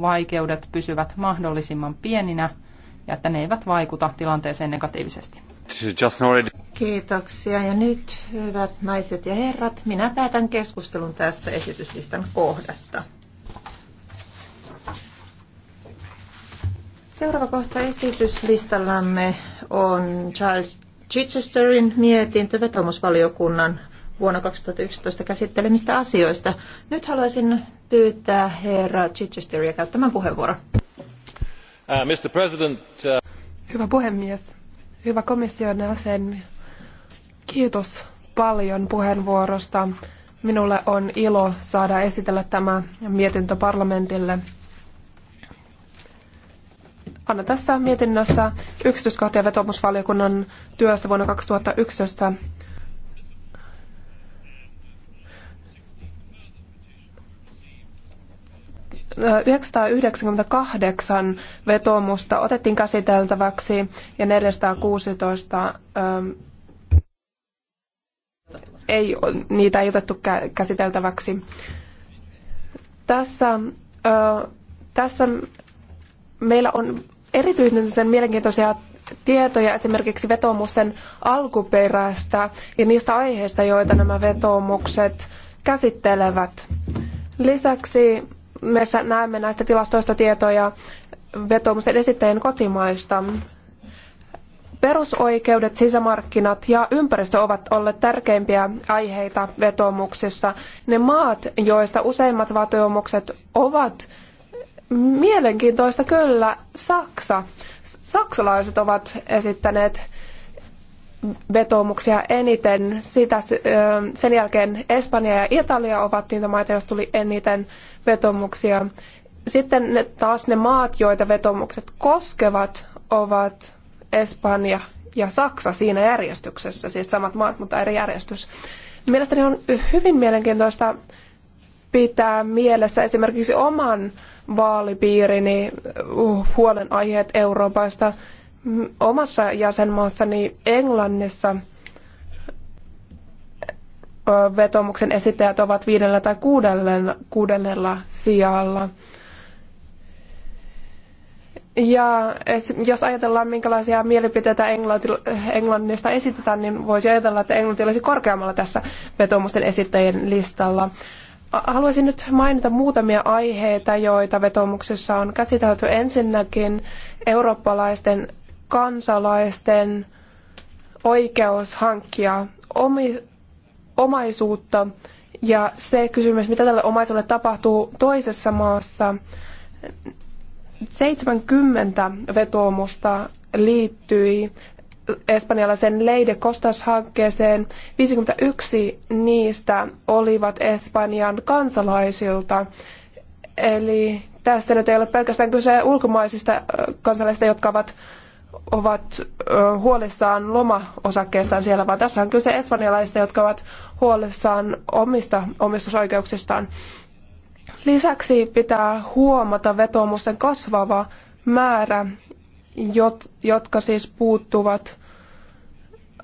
vaikeudet pysyvät mahdollisimman pieninä ja että ne eivät vaikuta tilanteeseen negatiivisesti. Kiitoksia. Ja nyt, hyvät naiset ja herrat, minä päätän keskustelun tästä esityslistan kohdasta. Seuraava kohta esityslistallamme on Charles Chichesterin mietintö vetomusvaliokunnan vuonna 2011 käsittelemistä asioista. Nyt haluaisin pyytää herra Chichesteria käyttämään puheenvuoro. Uh, Mr. President, uh... Hyvä puhemies, hyvä komission jäsen, kiitos paljon puheenvuorosta. Minulle on ilo saada esitellä tämä mietintö parlamentille. Anna tässä mietinnössä yksityiskohtia vetomusvaliokunnan työstä vuonna 2011 998 vetoomusta otettiin käsiteltäväksi ja 416 ähm, ei, niitä ei otettu käsiteltäväksi. Tässä, äh, tässä meillä on erityisen mielenkiintoisia tietoja esimerkiksi vetoomusten alkuperästä ja niistä aiheista, joita nämä vetoomukset käsittelevät. Lisäksi me näemme näistä tilastoista tietoja vetoomusten esittäjien kotimaista. Perusoikeudet, sisämarkkinat ja ympäristö ovat olleet tärkeimpiä aiheita vetoomuksissa. Ne maat, joista useimmat vetoomukset ovat mielenkiintoista kyllä Saksa. Saksalaiset ovat esittäneet vetoomuksia eniten. Sitä, sen jälkeen Espanja ja Italia ovat niitä maita, joista tuli eniten vetomuksia. Sitten ne, taas ne maat, joita vetomukset koskevat, ovat Espanja ja Saksa siinä järjestyksessä, siis samat maat, mutta eri järjestys. Mielestäni on hyvin mielenkiintoista pitää mielessä esimerkiksi oman vaalipiirini uh, huolenaiheet Euroopasta omassa jäsenmaassani Englannissa vetomuksen esittäjät ovat viidellä tai kuudellen, kuudennella sijalla. Ja jos ajatellaan, minkälaisia mielipiteitä Englannista esitetään, niin voisi ajatella, että Englanti olisi korkeammalla tässä vetomusten esittäjien listalla. Haluaisin nyt mainita muutamia aiheita, joita vetomuksessa on käsitelty. Ensinnäkin eurooppalaisten kansalaisten oikeus hankkia omi, omaisuutta ja se kysymys, mitä tälle omaisuudelle tapahtuu toisessa maassa. 70 vetoomusta liittyi espanjalaisen Leide Costas-hankkeeseen. 51 niistä olivat Espanjan kansalaisilta. Eli tässä nyt ei ole pelkästään kyse ulkomaisista kansalaisista, jotka ovat ovat huolissaan lomaosakkeestaan siellä, vaan tässä on kyse espanjalaisista, jotka ovat huolissaan omista omistusoikeuksistaan. Lisäksi pitää huomata vetoomusten kasvava määrä, jotka siis puuttuvat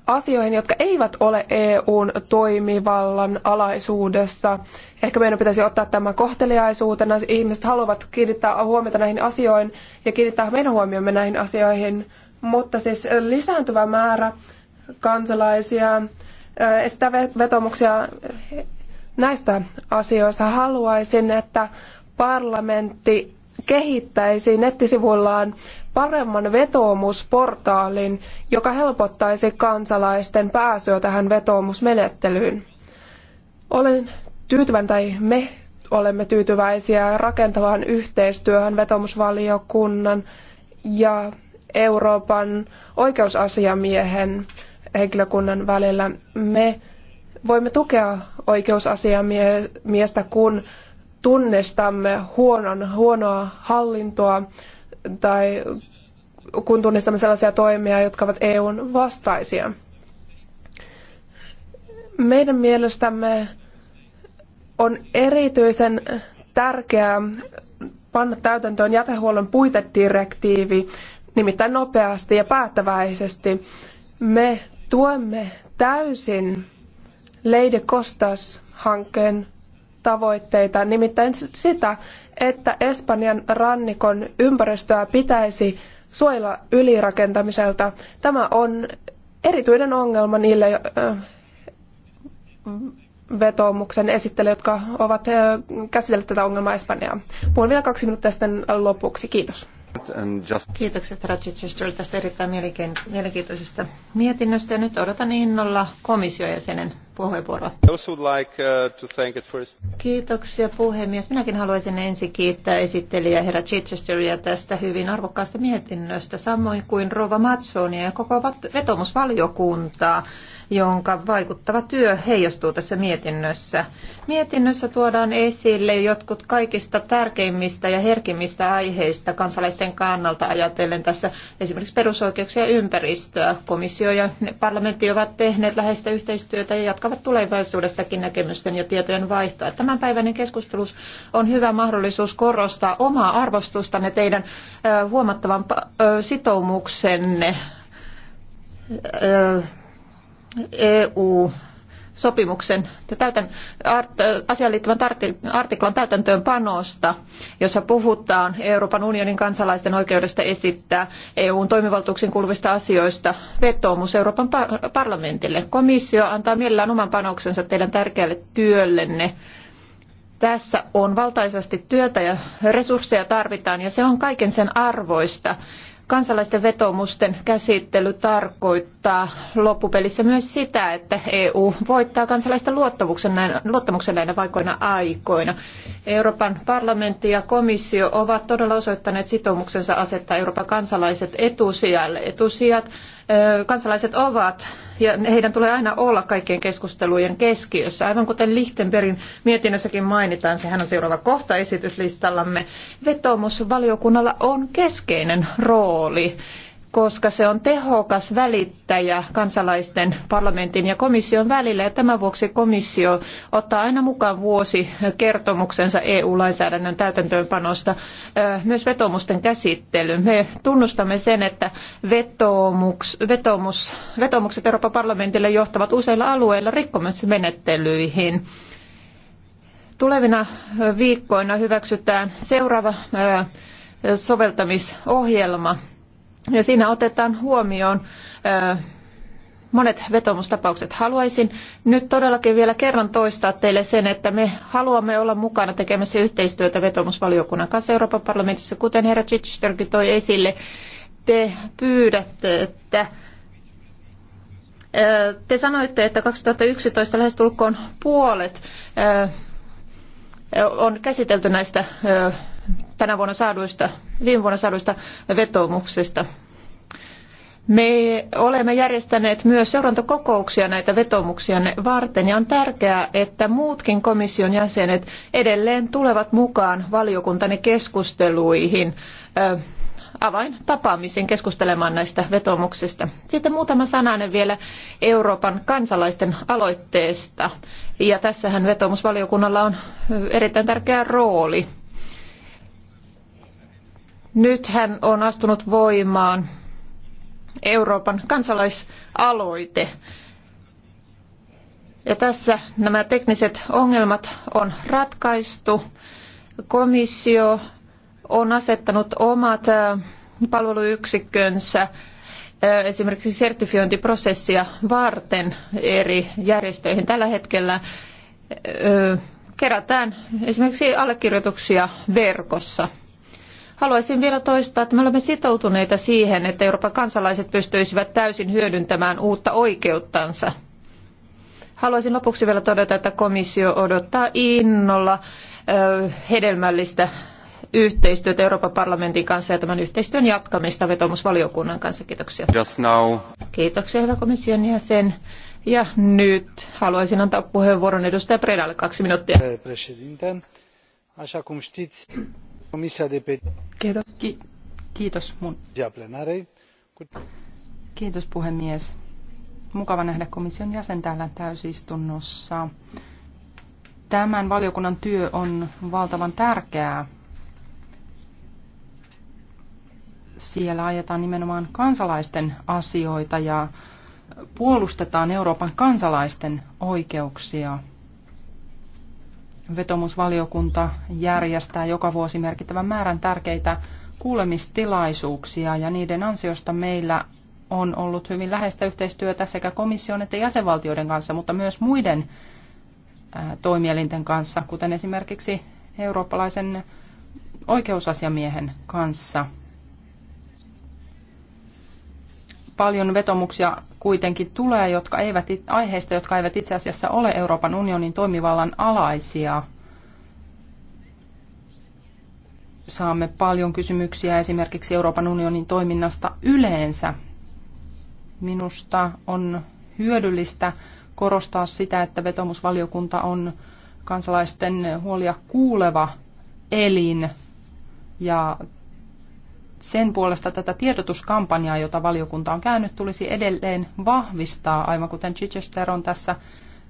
asioihin, jotka eivät ole EUn toimivallan alaisuudessa. Ehkä meidän pitäisi ottaa tämä kohteliaisuutena. Ihmiset haluavat kiinnittää huomiota näihin asioihin ja kiinnittää meidän huomiomme näihin asioihin. Mutta siis lisääntyvä määrä kansalaisia äh, esittää vetomuksia näistä asioista. Haluaisin, että parlamentti kehittäisi nettisivuillaan paremman vetoomusportaalin, joka helpottaisi kansalaisten pääsyä tähän vetoomusmenettelyyn. Olen tyytyväinen tai me olemme tyytyväisiä rakentavaan yhteistyöhön vetomusvaliokunnan ja Euroopan oikeusasiamiehen henkilökunnan välillä. Me voimme tukea oikeusasiamiestä, kun tunnistamme huonon, huonoa hallintoa tai kun tunnistamme sellaisia toimia, jotka ovat EUn vastaisia. Meidän mielestämme on erityisen tärkeää panna täytäntöön jätehuollon puitedirektiivi nimittäin nopeasti ja päättäväisesti. Me tuemme täysin Leide Kostas-hankkeen tavoitteita, nimittäin sitä, että Espanjan rannikon ympäristöä pitäisi suojella ylirakentamiselta. Tämä on erityinen ongelma niille vetoomuksen esittelijä, jotka ovat käsitelleet tätä ongelmaa Espanjaa. Puhun vielä kaksi minuuttia sitten lopuksi. Kiitos. Kiitokset Rochester tästä erittäin mielenkiintoisesta mietinnöstä ja nyt odotan innolla komissiojäsenen puheenvuoroa. Uh, Kiitoksia puhemies. Minäkin haluaisin ensin kiittää esittelijä herra Chichesteria tästä hyvin arvokkaasta mietinnöstä, samoin kuin Rova Matsonia ja koko vetomusvaliokuntaa jonka vaikuttava työ heijastuu tässä mietinnössä. Mietinnössä tuodaan esille jotkut kaikista tärkeimmistä ja herkimmistä aiheista kansalaisten kannalta ajatellen tässä esimerkiksi perusoikeuksia ja ympäristöä. Komissio ja parlamentti ovat tehneet läheistä yhteistyötä ja jatkavat tulevaisuudessakin näkemysten ja tietojen vaihtoa. Tämänpäiväinen keskustelu on hyvä mahdollisuus korostaa omaa arvostustanne teidän huomattavan sitoumuksenne EU sopimuksen täytän, art, asiaan liittyvän artiklan täytäntöönpanosta, jossa puhutaan Euroopan unionin kansalaisten oikeudesta esittää EUn toimivaltuuksiin kuuluvista asioista vetoomus Euroopan parlamentille. Komissio antaa mielellään oman panoksensa teidän tärkeälle työllenne. Tässä on valtaisasti työtä ja resursseja tarvitaan ja se on kaiken sen arvoista. Kansalaisten vetomusten käsittely tarkoittaa loppupelissä myös sitä, että EU voittaa kansalaisten luottamuksen näinä, luottamuksen näinä vaikoina aikoina. Euroopan parlamentti ja komissio ovat todella osoittaneet sitoumuksensa asettaa Euroopan kansalaiset etusijalle. Etusijat kansalaiset ovat ja heidän tulee aina olla kaikkien keskustelujen keskiössä. Aivan kuten Lichtenbergin mietinnössäkin mainitaan, sehän on seuraava kohta esityslistallamme. Vetomusvaliokunnalla on keskeinen rooli koska se on tehokas välittäjä kansalaisten parlamentin ja komission välillä. Ja tämän vuoksi komissio ottaa aina mukaan vuosi kertomuksensa EU-lainsäädännön täytäntöönpanosta myös vetoomusten käsittelyyn. Me tunnustamme sen, että vetoomus, vetoomukset Euroopan parlamentille johtavat useilla alueilla rikkomusmenettelyihin. Tulevina viikkoina hyväksytään seuraava soveltamisohjelma ja siinä otetaan huomioon monet vetomustapaukset. Haluaisin nyt todellakin vielä kerran toistaa teille sen, että me haluamme olla mukana tekemässä yhteistyötä vetomusvaliokunnan kanssa Euroopan parlamentissa. Kuten herra Chichesterkin toi esille, te pyydätte, että te sanoitte, että 2011 lähestulkoon puolet on käsitelty näistä tänä vuonna saaduista, viime vuonna saaduista vetomuksista. Me olemme järjestäneet myös seurantakokouksia näitä vetomuksia varten ja on tärkeää, että muutkin komission jäsenet edelleen tulevat mukaan valiokuntani keskusteluihin avain tapaamisen keskustelemaan näistä vetomuksista. Sitten muutama sananen vielä Euroopan kansalaisten aloitteesta. Ja tässähän vetomusvaliokunnalla on erittäin tärkeä rooli. Nythän on astunut voimaan Euroopan kansalaisaloite. Ja tässä nämä tekniset ongelmat on ratkaistu. Komissio on asettanut omat palveluyksikkönsä esimerkiksi sertifiointiprosessia varten eri järjestöihin. Tällä hetkellä kerätään esimerkiksi allekirjoituksia verkossa. Haluaisin vielä toistaa, että me olemme sitoutuneita siihen, että Euroopan kansalaiset pystyisivät täysin hyödyntämään uutta oikeuttansa. Haluaisin lopuksi vielä todeta, että komissio odottaa innolla hedelmällistä yhteistyötä Euroopan parlamentin kanssa ja tämän yhteistyön jatkamista vetomusvaliokunnan kanssa. Kiitoksia. Just now. Kiitoksia, hyvä komission jäsen. Ja nyt haluaisin antaa puheenvuoron edustaja Predalle kaksi minuuttia. Kiitos. de petiii. puhemies. Mukava nähdä komission jäsen täällä täysistunnossa. Tämän valiokunnan työ on valtavan tärkeää. Siellä ajetaan nimenomaan kansalaisten asioita ja puolustetaan Euroopan kansalaisten oikeuksia. Vetomusvaliokunta järjestää joka vuosi merkittävän määrän tärkeitä kuulemistilaisuuksia ja niiden ansiosta meillä on ollut hyvin läheistä yhteistyötä sekä komission että jäsenvaltioiden kanssa, mutta myös muiden toimielinten kanssa, kuten esimerkiksi eurooppalaisen oikeusasiamiehen kanssa. Paljon vetomuksia kuitenkin tulee jotka eivät, aiheista, jotka eivät itse asiassa ole Euroopan unionin toimivallan alaisia. Saamme paljon kysymyksiä esimerkiksi Euroopan unionin toiminnasta yleensä. Minusta on hyödyllistä korostaa sitä, että vetomusvaliokunta on kansalaisten huolia kuuleva elin ja sen puolesta tätä tiedotuskampanjaa, jota valiokunta on käynyt, tulisi edelleen vahvistaa, aivan kuten Chichester on tässä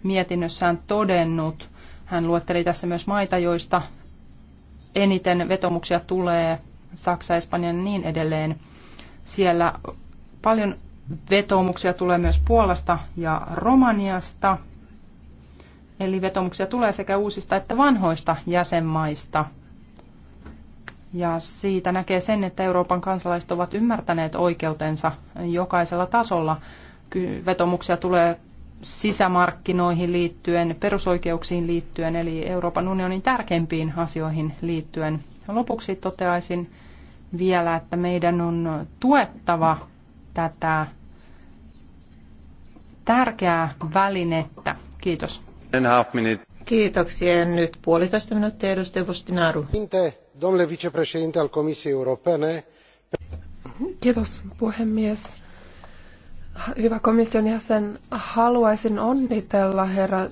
mietinnössään todennut. Hän luetteli tässä myös maita, joista eniten vetomuksia tulee, Saksa, Espanja ja niin edelleen. Siellä paljon vetomuksia tulee myös Puolasta ja Romaniasta, eli vetomuksia tulee sekä uusista että vanhoista jäsenmaista – ja siitä näkee sen, että Euroopan kansalaiset ovat ymmärtäneet oikeutensa jokaisella tasolla. Vetomuksia tulee sisämarkkinoihin liittyen, perusoikeuksiin liittyen, eli Euroopan unionin tärkeimpiin asioihin liittyen. Lopuksi toteaisin vielä, että meidän on tuettava tätä tärkeää välinettä. Kiitos. Kiitoksia. Nyt puolitoista minuuttia edustaja Vostinaru domnule vicepreședinte al comisiei europene puhemies. Hyvä komission jäsen, haluaisin onnitella herra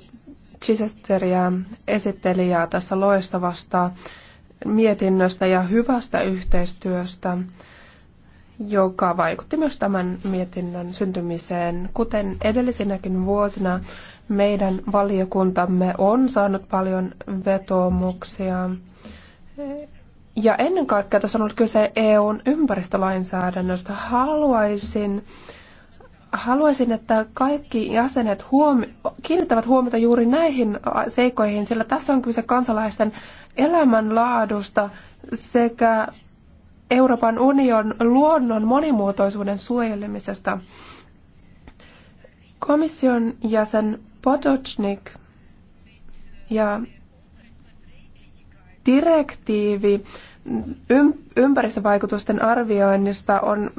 Chichesteriä esittelijää tässä loistavasta mietinnöstä ja hyvästä yhteistyöstä, joka vaikutti myös tämän mietinnön syntymiseen. Kuten edellisinäkin vuosina, meidän valiokuntamme on saanut paljon vetoomuksia ja ennen kaikkea tässä on ollut kyse EUn ympäristölainsäädännöstä. Haluaisin, haluaisin että kaikki jäsenet huomi- kiinnittävät huomiota juuri näihin seikoihin, sillä tässä on kyse kansalaisten elämänlaadusta sekä Euroopan union luonnon monimuotoisuuden suojelemisesta. Komission jäsen Podocnik ja direktiivi ympäristövaikutusten arvioinnista on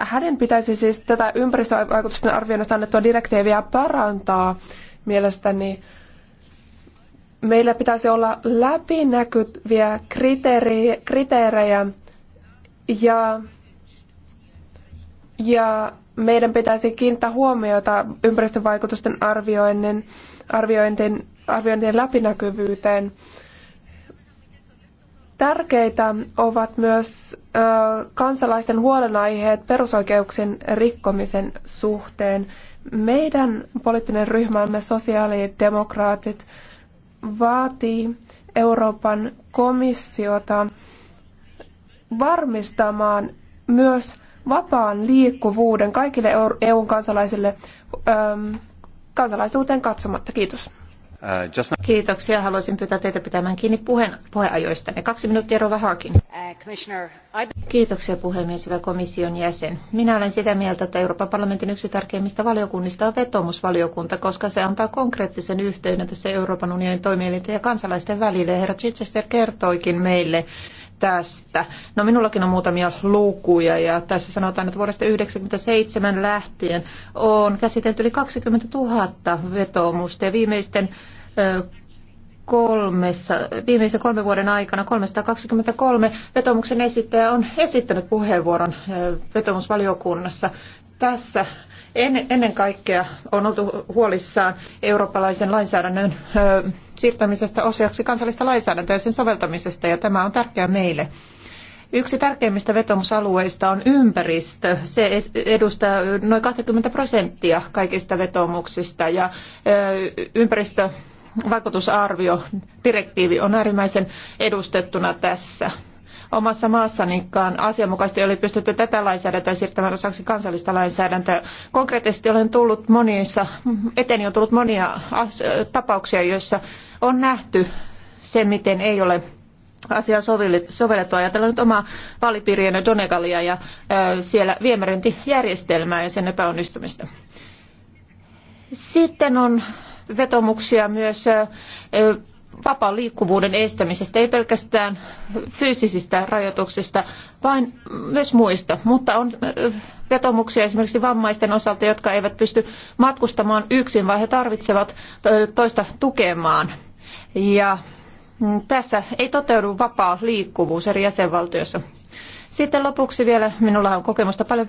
hänen pitäisi siis tätä ympäristövaikutusten arvioinnista annettua direktiiviä parantaa mielestäni. Meillä pitäisi olla läpinäkyviä kriteerejä ja, ja meidän pitäisi kiinnittää huomiota ympäristövaikutusten arvioinnin, arviointien arviointien läpinäkyvyyteen. Tärkeitä ovat myös kansalaisten huolenaiheet perusoikeuksien rikkomisen suhteen. Meidän poliittinen ryhmämme sosiaalidemokraatit vaatii Euroopan komissiota varmistamaan myös vapaan liikkuvuuden kaikille EUn kansalaisille kansalaisuuteen katsomatta. Kiitos. Uh, Kiitoksia. Haluaisin pyytää teitä pitämään kiinni puheen, puheajoistanne. Kaksi minuuttia, Rova Harkin. Uh, Kiitoksia puhemies, hyvä komission jäsen. Minä olen sitä mieltä, että Euroopan parlamentin yksi tärkeimmistä valiokunnista on vetomusvaliokunta, koska se antaa konkreettisen yhteyden tässä Euroopan unionin toimielinten ja kansalaisten välille. Herra Chichester kertoikin meille, tästä. No minullakin on muutamia lukuja ja tässä sanotaan, että vuodesta 1997 lähtien on käsitelty yli 20 000 vetoomusta ja viimeisten kolmessa, viimeisen kolmen vuoden aikana 323 vetomuksen esittäjä on esittänyt puheenvuoron vetomusvaliokunnassa. Tässä ennen kaikkea on oltu huolissaan eurooppalaisen lainsäädännön siirtämisestä osaksi kansallista lainsäädäntöä ja sen soveltamisesta, ja tämä on tärkeää meille. Yksi tärkeimmistä vetomusalueista on ympäristö. Se edustaa noin 20 prosenttia kaikista vetomuksista ja ympäristövaikutusarvio direktiivi on äärimmäisen edustettuna tässä omassa maassanikaan asianmukaisesti ei ole pystytty tätä lainsäädäntöä siirtämään osaksi kansallista lainsäädäntöä. Konkreettisesti olen tullut monissa, eteni on tullut monia tapauksia, joissa on nähty se, miten ei ole asiaa sovellettu. Ajatellaan nyt omaa vaalipiiriäni Donegalia ja siellä viemäröintijärjestelmää ja sen epäonnistumista. Sitten on vetomuksia myös vapaan liikkuvuuden estämisestä, ei pelkästään fyysisistä rajoituksista, vaan myös muista. Mutta on äh, vetomuksia esimerkiksi vammaisten osalta, jotka eivät pysty matkustamaan yksin, vaan he tarvitsevat äh, toista tukemaan. Ja mm, tässä ei toteudu vapaa liikkuvuus eri jäsenvaltioissa. Sitten lopuksi vielä, minulla on kokemusta paljon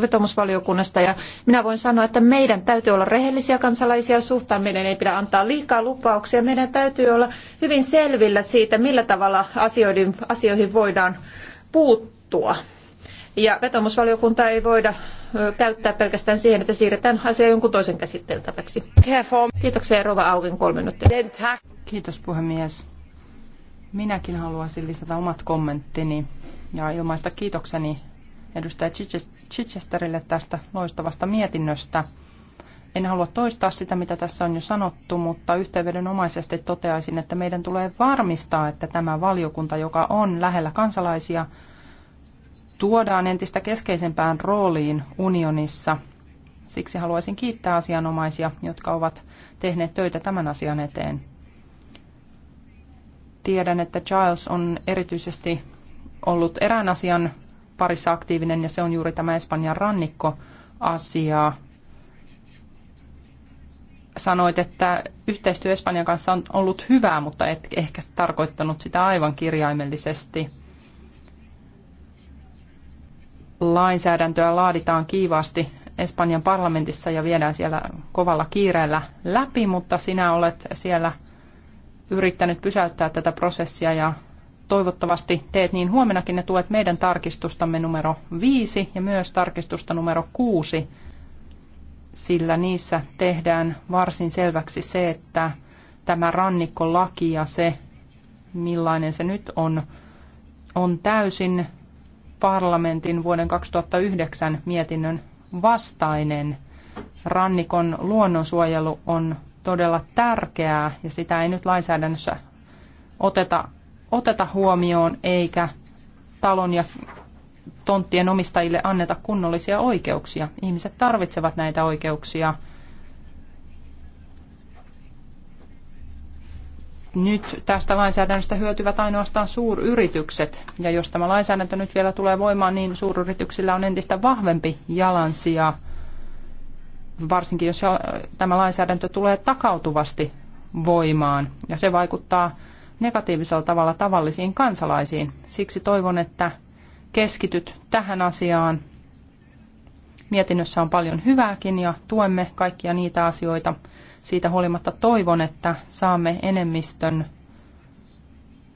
vetomusvaliokunnasta ja minä voin sanoa, että meidän täytyy olla rehellisiä kansalaisia suhtaan, meidän ei pidä antaa liikaa lupauksia, meidän täytyy olla hyvin selvillä siitä, millä tavalla asioihin, asioihin voidaan puuttua. Ja vetomusvaliokunta ei voida käyttää pelkästään siihen, että siirretään asia jonkun toisen käsiteltäväksi. Kiitoksia Rova Auvin kolme minuuttia. Kiitos puhemies. Minäkin haluaisin lisätä omat kommenttini ja ilmaista kiitokseni edustaja Chichesterille tästä loistavasta mietinnöstä. En halua toistaa sitä, mitä tässä on jo sanottu, mutta yhteenvedonomaisesti toteaisin, että meidän tulee varmistaa, että tämä valiokunta, joka on lähellä kansalaisia, tuodaan entistä keskeisempään rooliin unionissa. Siksi haluaisin kiittää asianomaisia, jotka ovat tehneet töitä tämän asian eteen. Tiedän, että Giles on erityisesti ollut erään asian parissa aktiivinen ja se on juuri tämä Espanjan rannikkoasia. Sanoit, että yhteistyö Espanjan kanssa on ollut hyvää, mutta et ehkä tarkoittanut sitä aivan kirjaimellisesti. Lainsäädäntöä laaditaan kiivaasti Espanjan parlamentissa ja viedään siellä kovalla kiireellä läpi, mutta sinä olet siellä – yrittänyt pysäyttää tätä prosessia ja toivottavasti teet niin huomenakin ja tuet meidän tarkistustamme numero 5 ja myös tarkistusta numero 6, sillä niissä tehdään varsin selväksi se, että tämä rannikkolaki ja se, millainen se nyt on, on täysin parlamentin vuoden 2009 mietinnön vastainen. Rannikon luonnonsuojelu on todella tärkeää ja sitä ei nyt lainsäädännössä oteta, oteta huomioon eikä talon ja tonttien omistajille anneta kunnollisia oikeuksia. Ihmiset tarvitsevat näitä oikeuksia. Nyt tästä lainsäädännöstä hyötyvät ainoastaan suuryritykset, ja jos tämä lainsäädäntö nyt vielä tulee voimaan, niin suuryrityksillä on entistä vahvempi jalansija – varsinkin jos tämä lainsäädäntö tulee takautuvasti voimaan ja se vaikuttaa negatiivisella tavalla tavallisiin kansalaisiin. Siksi toivon, että keskityt tähän asiaan. Mietinnössä on paljon hyvääkin ja tuemme kaikkia niitä asioita. Siitä huolimatta toivon, että saamme enemmistön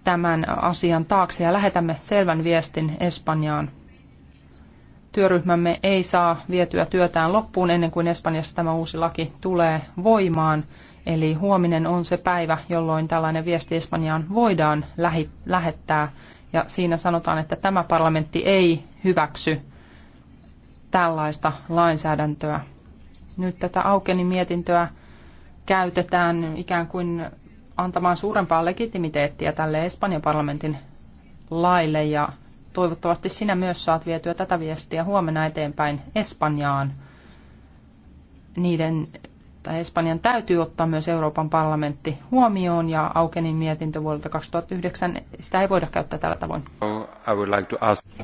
tämän asian taakse ja lähetämme selvän viestin Espanjaan työryhmämme ei saa vietyä työtään loppuun ennen kuin Espanjassa tämä uusi laki tulee voimaan. Eli huominen on se päivä, jolloin tällainen viesti Espanjaan voidaan lähettää. Ja siinä sanotaan, että tämä parlamentti ei hyväksy tällaista lainsäädäntöä. Nyt tätä Aukeni mietintöä käytetään ikään kuin antamaan suurempaa legitimiteettiä tälle Espanjan parlamentin laille ja toivottavasti sinä myös saat vietyä tätä viestiä huomenna eteenpäin Espanjaan. Niiden, tai Espanjan täytyy ottaa myös Euroopan parlamentti huomioon ja Aukenin mietintö vuodelta 2009, sitä ei voida käyttää tällä tavoin.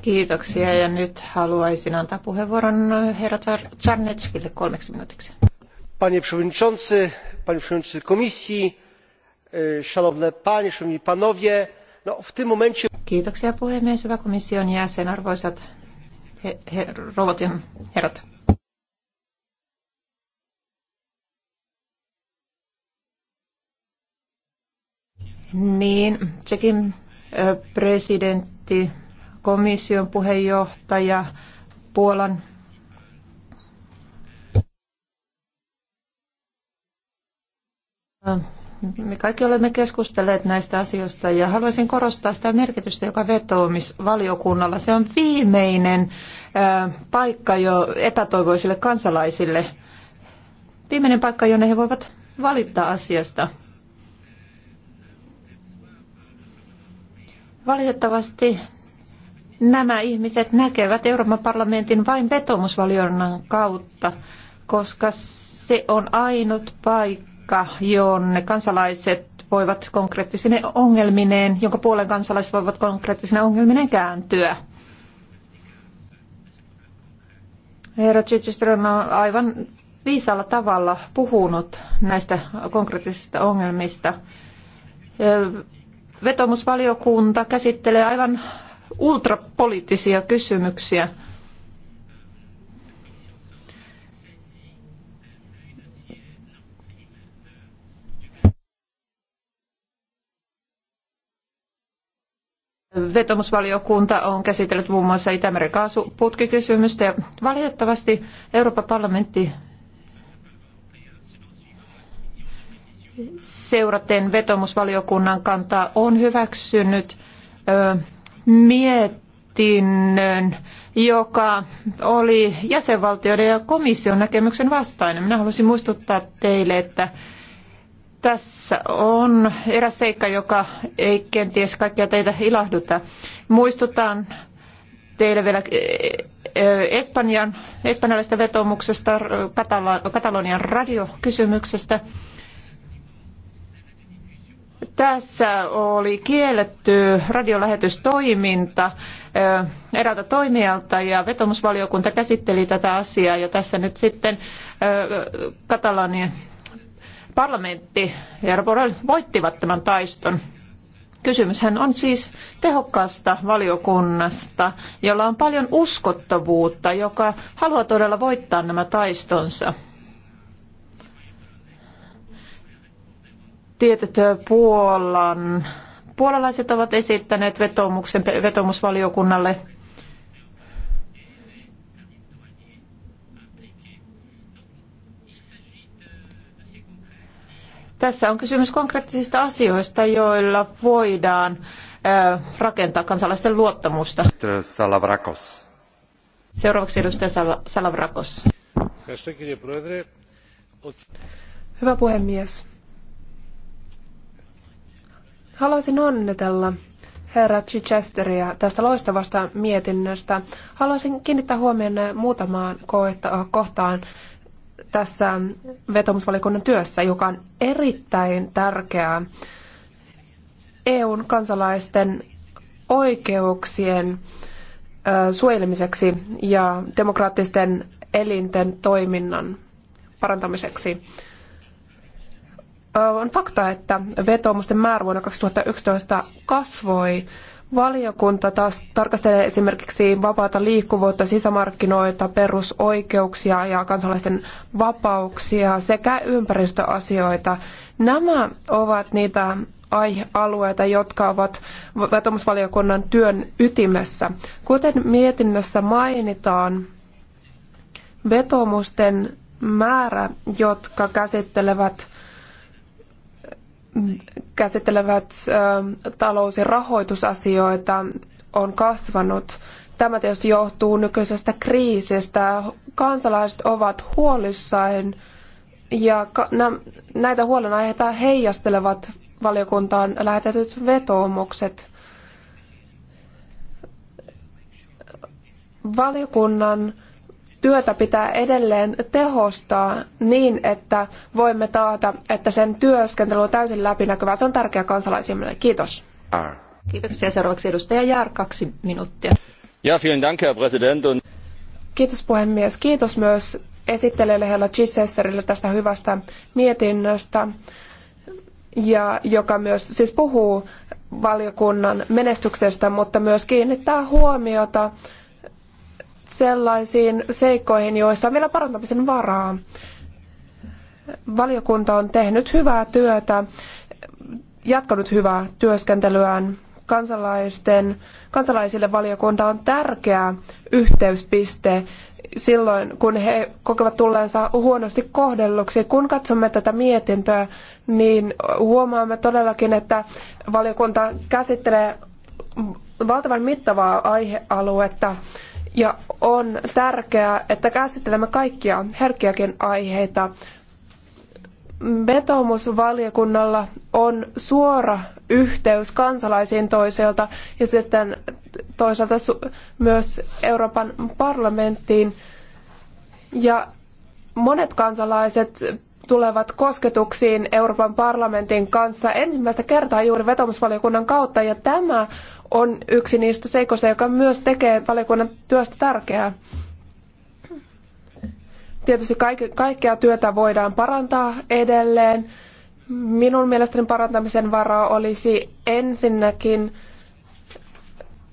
Kiitoksia ja nyt haluaisin antaa puheenvuoron herra Czarneckille kolmeksi minuutiksi. Panie przewodniczący, panie przewodniczący komisji, e, szanowne panie, szanowni panowie, no w tym momencie Kiitoksia puhemies, hyvä komission jäsen, arvoisat he, he, rouvat ja herrat. Niin, Tsekin presidentti, komission puheenjohtaja, Puolan me kaikki olemme keskustelleet näistä asioista ja haluaisin korostaa sitä merkitystä, joka vetoomisvaliokunnalla. Se on viimeinen paikka jo epätoivoisille kansalaisille. Viimeinen paikka, jonne he voivat valittaa asiasta. Valitettavasti nämä ihmiset näkevät Euroopan parlamentin vain vetomusvaliokunnan kautta, koska se on ainut paikka, paikka, jonne kansalaiset voivat konkreettisine ongelmineen, jonka puolen kansalaiset voivat konkreettisine ongelmineen kääntyä. Herra Chichester on aivan viisaalla tavalla puhunut näistä konkreettisista ongelmista. Vetomusvaliokunta käsittelee aivan ultrapoliittisia kysymyksiä. Vetomusvaliokunta on käsitellyt muun muassa Itämeren kaasuputkikysymystä ja valitettavasti Euroopan parlamentti seuraten vetomusvaliokunnan kantaa on hyväksynyt mietinnön, joka oli jäsenvaltioiden ja komission näkemyksen vastainen. Minä haluaisin muistuttaa teille, että tässä on eräs seikka, joka ei kenties kaikkia teitä ilahduta. Muistutan teille vielä eh, eh, Espanjan, espanjalaisesta vetomuksesta, Katalonian radiokysymyksestä. Tässä oli kielletty radiolähetystoiminta eh, eräältä toimijalta ja vetomusvaliokunta käsitteli tätä asiaa ja tässä nyt sitten Katalonian parlamentti ja Borrell voittivat tämän taiston. Kysymyshän on siis tehokkaasta valiokunnasta, jolla on paljon uskottavuutta, joka haluaa todella voittaa nämä taistonsa. Tietyt Puolan, puolalaiset ovat esittäneet vetomuksen vetomusvaliokunnalle Tässä on kysymys konkreettisista asioista, joilla voidaan rakentaa kansalaisten luottamusta. Salavrakos. Seuraavaksi edustaja Salavrakos. Hyvä puhemies. Haluaisin onnitella herra Chichesteria tästä loistavasta mietinnöstä. Haluaisin kiinnittää huomioon muutamaan kohtaan tässä vetomusvalikunnan työssä, joka on erittäin tärkeää EUn kansalaisten oikeuksien suojelemiseksi ja demokraattisten elinten toiminnan parantamiseksi. On fakta, että vetoomusten määrä vuonna 2011 kasvoi Valiokunta taas tarkastelee esimerkiksi vapaata liikkuvuutta, sisämarkkinoita, perusoikeuksia ja kansalaisten vapauksia sekä ympäristöasioita. Nämä ovat niitä aihealueita, jotka ovat vetomusvaliokunnan työn ytimessä. Kuten mietinnössä mainitaan, vetomusten määrä, jotka käsittelevät käsittelevät ähm, talous- ja rahoitusasioita on kasvanut. Tämä tietysti johtuu nykyisestä kriisistä. Kansalaiset ovat huolissaan ja näitä huolenaiheita heijastelevat valiokuntaan lähetetyt vetoomukset. Valiokunnan työtä pitää edelleen tehostaa niin, että voimme taata, että sen työskentely on täysin läpinäkyvää. Se on tärkeää kansalaisimmille. Kiitos. Ah. Kiitoksia. Seuraavaksi edustaja Jaar, kaksi minuuttia. Ja, vielen dank, Herr Präsident. Kiitos puhemies. Kiitos myös esittelijälle Hella Chichesterille tästä hyvästä mietinnöstä, ja joka myös siis puhuu valiokunnan menestyksestä, mutta myös kiinnittää huomiota sellaisiin seikkoihin, joissa on vielä parantamisen varaa. Valiokunta on tehnyt hyvää työtä, jatkanut hyvää työskentelyään kansalaisten, kansalaisille valiokunta on tärkeä yhteyspiste silloin, kun he kokevat tulleensa huonosti kohdelluksi. Kun katsomme tätä mietintöä, niin huomaamme todellakin, että valiokunta käsittelee valtavan mittavaa aihealuetta. Ja on tärkeää, että käsittelemme kaikkia herkkiäkin aiheita. Vetomusvaliokunnalla on suora yhteys kansalaisiin toiselta ja sitten toisaalta myös Euroopan parlamenttiin. Ja monet kansalaiset tulevat kosketuksiin Euroopan parlamentin kanssa ensimmäistä kertaa juuri vetomusvaliokunnan kautta, ja tämä on yksi niistä seikoista, joka myös tekee valiokunnan työstä tärkeää. Tietysti kaikkea työtä voidaan parantaa edelleen. Minun mielestäni parantamisen varaa olisi ensinnäkin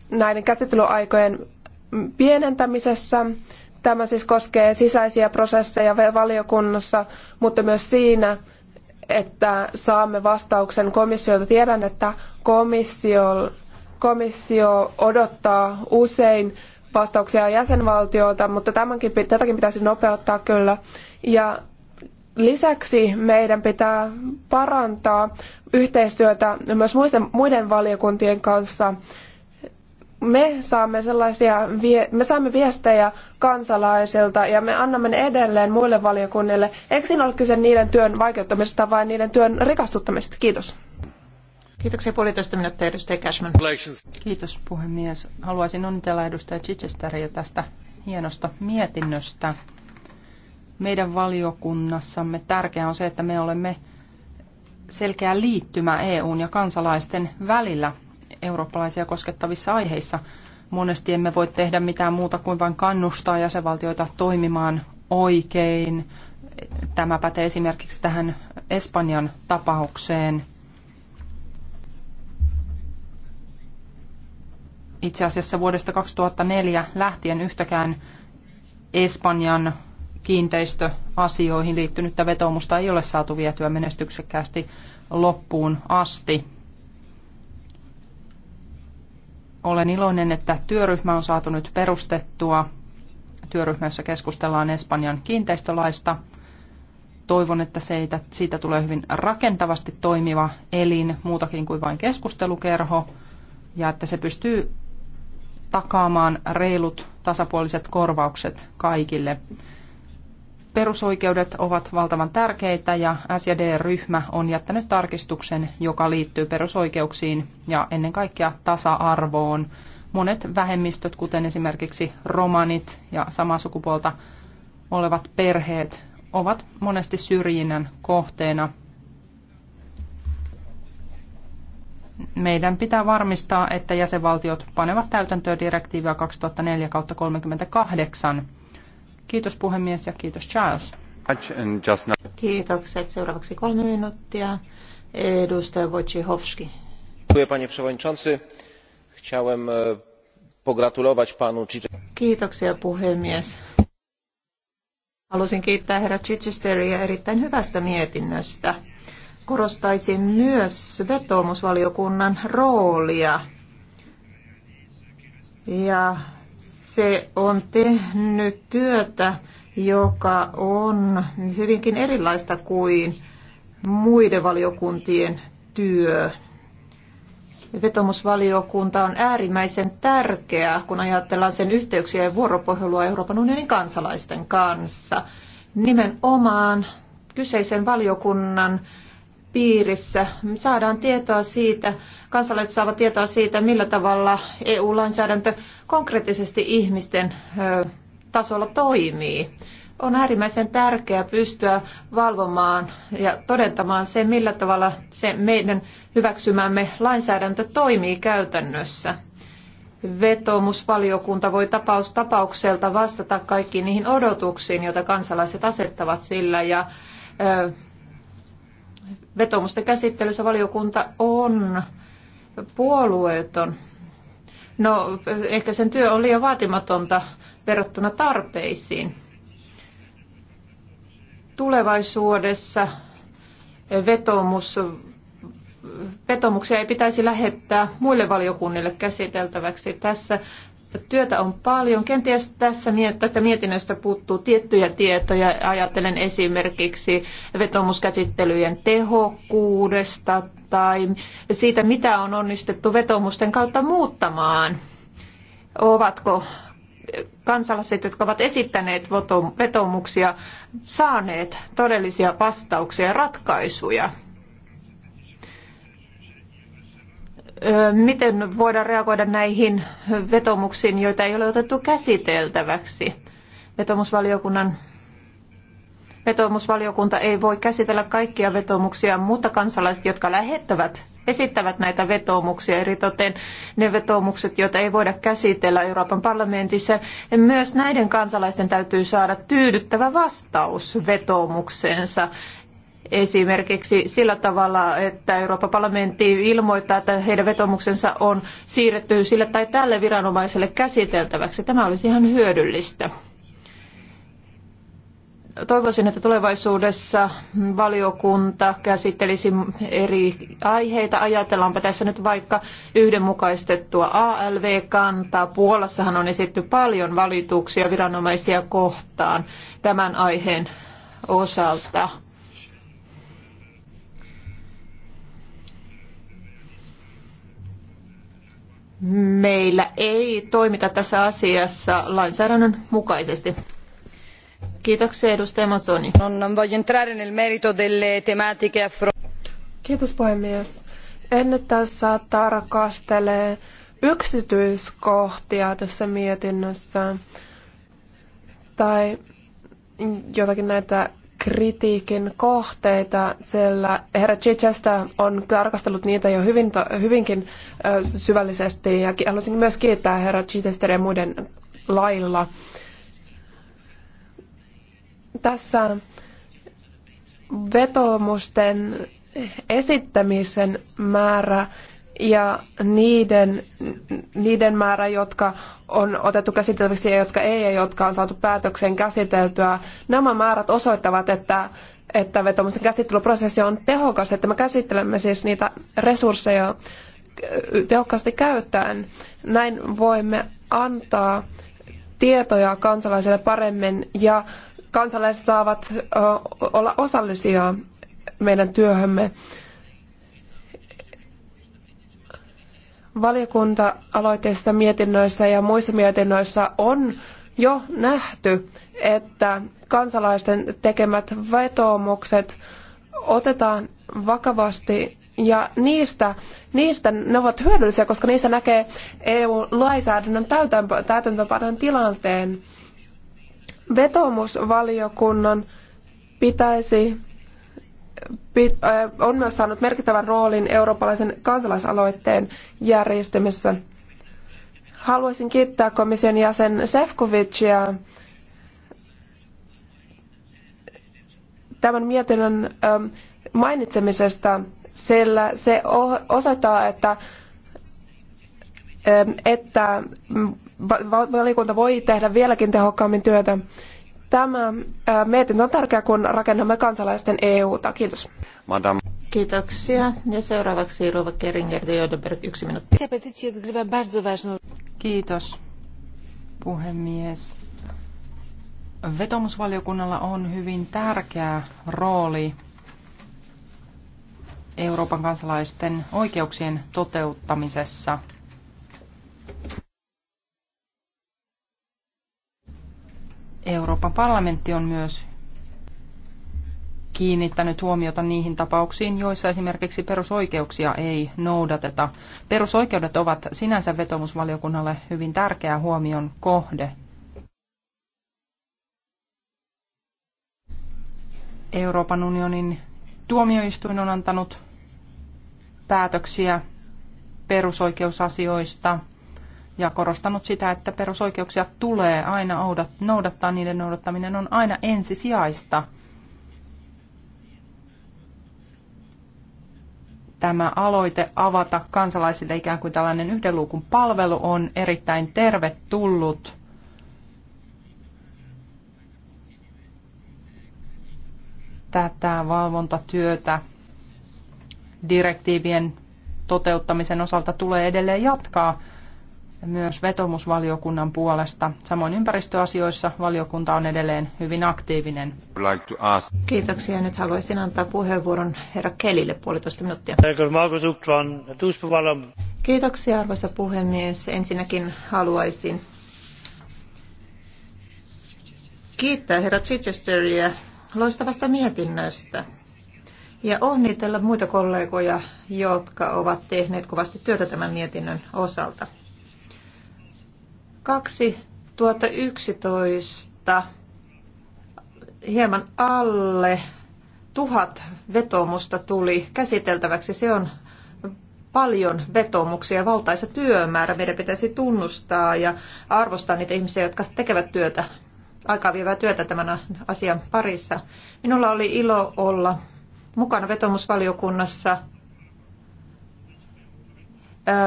näiden käsittelyaikojen pienentämisessä Tämä siis koskee sisäisiä prosesseja valiokunnassa, mutta myös siinä, että saamme vastauksen komissiolta. Tiedän, että komissio, komissio odottaa usein vastauksia jäsenvaltioilta, mutta tämänkin, tätäkin pitäisi nopeuttaa kyllä. Ja lisäksi meidän pitää parantaa yhteistyötä myös muiden, muiden valiokuntien kanssa me saamme sellaisia, me saamme viestejä kansalaisilta ja me annamme ne edelleen muille valiokunnille. Eikö siinä ole kyse niiden työn vaikeuttamisesta vai niiden työn rikastuttamisesta? Kiitos. Kiitoksia puolitoista minuuttia edustaja Cashman. Kiitos puhemies. Haluaisin onnitella edustaja Chichesteria tästä hienosta mietinnöstä. Meidän valiokunnassamme tärkeää on se, että me olemme selkeä liittymä EUn ja kansalaisten välillä – eurooppalaisia koskettavissa aiheissa. Monesti emme voi tehdä mitään muuta kuin vain kannustaa jäsenvaltioita toimimaan oikein. Tämä pätee esimerkiksi tähän Espanjan tapaukseen. Itse asiassa vuodesta 2004 lähtien yhtäkään Espanjan kiinteistöasioihin liittynyttä vetoomusta ei ole saatu vietyä menestyksekkäästi loppuun asti. Olen iloinen, että työryhmä on saatu nyt perustettua. Työryhmässä keskustellaan Espanjan kiinteistölaista. Toivon, että siitä tulee hyvin rakentavasti toimiva elin, muutakin kuin vain keskustelukerho, ja että se pystyy takaamaan reilut tasapuoliset korvaukset kaikille. Perusoikeudet ovat valtavan tärkeitä ja SJD-ryhmä on jättänyt tarkistuksen, joka liittyy perusoikeuksiin ja ennen kaikkea tasa-arvoon. Monet vähemmistöt, kuten esimerkiksi romanit ja samaa sukupuolta olevat perheet, ovat monesti syrjinnän kohteena. Meidän pitää varmistaa, että jäsenvaltiot panevat täytäntöön direktiiviä 2004-38 Kiitos puhemies ja kiitos Charles. Kiitokset. Seuraavaksi kolme minuuttia. Edustaja Wojciechowski. Panie przewodniczący. Chciałem e, pogratulować panu Kiitoksia puhemies. Haluaisin kiittää herra Chichesteria erittäin hyvästä mietinnöstä. Korostaisin myös vetoomusvaliokunnan roolia ja se on tehnyt työtä, joka on hyvinkin erilaista kuin muiden valiokuntien työ. Vetomusvaliokunta on äärimmäisen tärkeä, kun ajatellaan sen yhteyksiä ja vuoropuhelua Euroopan unionin kansalaisten kanssa. Nimenomaan kyseisen valiokunnan piirissä. Saadaan tietoa siitä, kansalaiset saavat tietoa siitä, millä tavalla EU-lainsäädäntö konkreettisesti ihmisten tasolla toimii. On äärimmäisen tärkeää pystyä valvomaan ja todentamaan se, millä tavalla se meidän hyväksymämme lainsäädäntö toimii käytännössä. Vetomusvaliokunta voi tapaus tapaukselta vastata kaikkiin niihin odotuksiin, joita kansalaiset asettavat sillä ja vetomusten käsittelyssä valiokunta on puolueeton. No, ehkä sen työ on liian vaatimatonta verrattuna tarpeisiin. Tulevaisuudessa vetomus, vetomuksia ei pitäisi lähettää muille valiokunnille käsiteltäväksi. Tässä Työtä on paljon. Kenties tässä, tästä mietinnöstä puuttuu tiettyjä tietoja. Ajattelen esimerkiksi vetomuskäsittelyjen tehokkuudesta tai siitä, mitä on onnistettu vetomusten kautta muuttamaan. Ovatko kansalaiset, jotka ovat esittäneet vetomuksia, saaneet todellisia vastauksia ja ratkaisuja? miten voidaan reagoida näihin vetomuksiin, joita ei ole otettu käsiteltäväksi. Vetomusvaliokunnan Vetomusvaliokunta ei voi käsitellä kaikkia vetomuksia, mutta kansalaiset, jotka lähettävät, esittävät näitä vetomuksia, eritoten ne vetomukset, joita ei voida käsitellä Euroopan parlamentissa, myös näiden kansalaisten täytyy saada tyydyttävä vastaus vetoomukseensa esimerkiksi sillä tavalla, että Euroopan parlamentti ilmoittaa, että heidän vetomuksensa on siirretty sille tai tälle viranomaiselle käsiteltäväksi. Tämä olisi ihan hyödyllistä. Toivoisin, että tulevaisuudessa valiokunta käsittelisi eri aiheita. Ajatellaanpa tässä nyt vaikka yhdenmukaistettua ALV-kantaa. Puolassahan on esitty paljon valituksia viranomaisia kohtaan tämän aiheen osalta meillä ei toimita tässä asiassa lainsäädännön mukaisesti. Kiitoksia edustaja Masoni. Non voglio entrare nel merito delle tematiche Kiitos puhemies. En tässä tarkastele yksityiskohtia tässä mietinnössä tai jotakin näitä kritiikin kohteita, sillä herra Chichester on tarkastellut niitä jo hyvin, hyvinkin syvällisesti ja haluaisin myös kiittää herra Chichesteria ja muiden lailla. Tässä vetomusten esittämisen määrä ja niiden, niiden määrä, jotka on otettu käsiteltäväksi ja jotka ei ja jotka on saatu päätöksen käsiteltyä, nämä määrät osoittavat, että, että vetomusten käsittelyprosessi on tehokas, että me käsittelemme siis niitä resursseja tehokkaasti käyttäen. Näin voimme antaa tietoja kansalaisille paremmin ja kansalaiset saavat olla osallisia meidän työhömme. valiokunta-aloitteissa mietinnöissä ja muissa mietinnöissä on jo nähty, että kansalaisten tekemät vetoomukset otetaan vakavasti ja niistä, niistä ne ovat hyödyllisiä, koska niistä näkee EU-lainsäädännön täytäntöpanon tilanteen. Vetoomusvaliokunnan pitäisi Äh, on myös saanut merkittävän roolin eurooppalaisen kansalaisaloitteen järjestämisessä. Haluaisin kiittää komission jäsen Sefcovicia tämän mietinnön ähm, mainitsemisesta, sillä se osoittaa, että, ähm, että mm, valiokunta voi tehdä vieläkin tehokkaammin työtä. Tämä mietintö on tärkeä, kun rakennamme kansalaisten EU-ta. Kiitos. Madame. Kiitoksia. Ja seuraavaksi Rova Keringer de Jodenberg, yksi minuutti. Kiitos, puhemies. Vetomusvaliokunnalla on hyvin tärkeä rooli Euroopan kansalaisten oikeuksien toteuttamisessa – Euroopan parlamentti on myös kiinnittänyt huomiota niihin tapauksiin, joissa esimerkiksi perusoikeuksia ei noudateta. Perusoikeudet ovat sinänsä vetomusvaliokunnalle hyvin tärkeä huomion kohde. Euroopan unionin tuomioistuin on antanut päätöksiä perusoikeusasioista – ja korostanut sitä, että perusoikeuksia tulee aina noudattaa, niiden noudattaminen on aina ensisijaista. Tämä aloite avata kansalaisille ikään kuin tällainen yhden luukun palvelu on erittäin tervetullut. Tätä valvontatyötä direktiivien toteuttamisen osalta tulee edelleen jatkaa myös vetomusvaliokunnan puolesta. Samoin ympäristöasioissa valiokunta on edelleen hyvin aktiivinen. Kiitoksia. Nyt haluaisin antaa puheenvuoron herra Kelille puolitoista minuuttia. Kiitoksia arvoisa puhemies. Ensinnäkin haluaisin kiittää herra Chichesteriä loistavasta mietinnöstä ja onnitella muita kollegoja, jotka ovat tehneet kovasti työtä tämän mietinnön osalta. 2011 hieman alle tuhat vetomusta tuli käsiteltäväksi. Se on paljon vetomuksia, valtaisa työmäärä. Meidän pitäisi tunnustaa ja arvostaa niitä ihmisiä, jotka tekevät työtä, aikaa vievää työtä tämän asian parissa. Minulla oli ilo olla mukana vetomusvaliokunnassa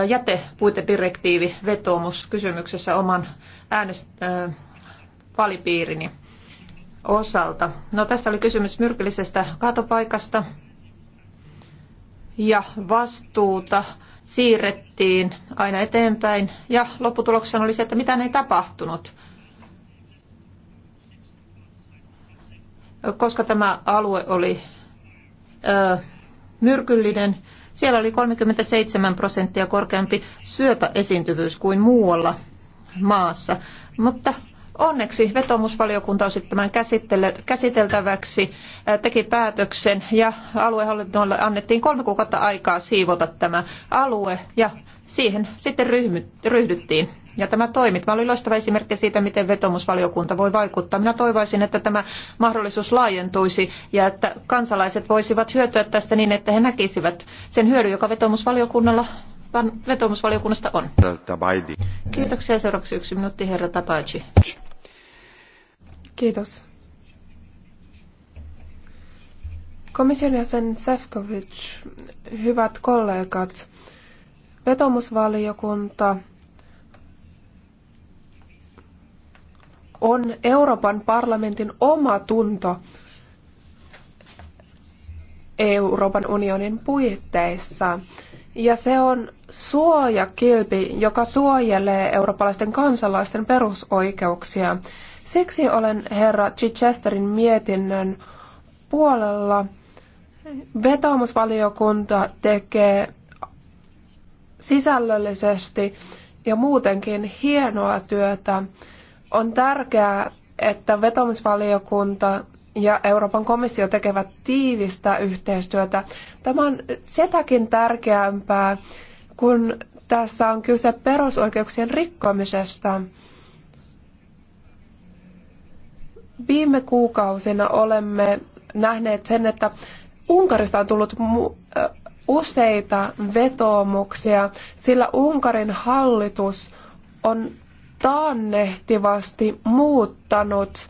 jätepuitedirektiivi vetoomus kysymyksessä oman äänest, äh, valipiirini osalta. No, tässä oli kysymys myrkyllisestä kaatopaikasta ja vastuuta siirrettiin aina eteenpäin ja lopputuloksena oli se, että mitään ei tapahtunut. Koska tämä alue oli ö, myrkyllinen, siellä oli 37 prosenttia korkeampi syöpäesiintyvyys kuin muualla maassa. Mutta onneksi vetomusvaliokunta sitten tämän käsiteltäväksi, teki päätöksen ja aluehallinnolle annettiin kolme kuukautta aikaa siivota tämä alue ja siihen sitten ryhdyttiin. Ja tämä toimi. Tämä oli loistava esimerkki siitä, miten vetomusvaliokunta voi vaikuttaa. Minä toivoisin, että tämä mahdollisuus laajentuisi ja että kansalaiset voisivat hyötyä tästä niin, että he näkisivät sen hyödyn, joka vetomusvaliokunnalla vetomusvaliokunnasta on. Kiitoksia. Seuraavaksi yksi minuutti, herra Tabaji. Kiitos. Komission jäsen Sefcovic, hyvät kollegat, vetomusvaliokunta – on Euroopan parlamentin oma tunto Euroopan unionin puitteissa. Ja se on suojakilpi, joka suojelee eurooppalaisten kansalaisten perusoikeuksia. Siksi olen herra Chichesterin mietinnön puolella. Vetoomusvaliokunta tekee sisällöllisesti ja muutenkin hienoa työtä on tärkeää, että vetomusvaliokunta ja Euroopan komissio tekevät tiivistä yhteistyötä. Tämä on sitäkin tärkeämpää, kun tässä on kyse perusoikeuksien rikkomisesta. Viime kuukausina olemme nähneet sen, että Unkarista on tullut useita vetoomuksia, sillä Unkarin hallitus on taannehtivasti muuttanut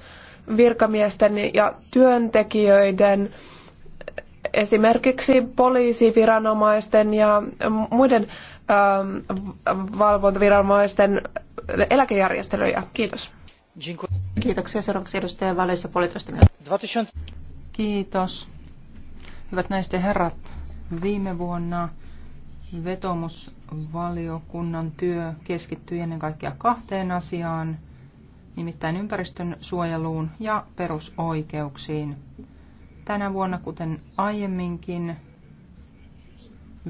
virkamiesten ja työntekijöiden esimerkiksi poliisiviranomaisten ja muiden ähm, valvontaviranomaisten eläkejärjestelyjä. Kiitos. Kiitoksia. Seuraavaksi edustaja Valessa puolitoista minuuttia. Kiitos. Hyvät naiset ja herrat, viime vuonna Vetomusvaliokunnan työ keskittyi ennen kaikkea kahteen asiaan, nimittäin ympäristön suojeluun ja perusoikeuksiin. Tänä vuonna, kuten aiemminkin,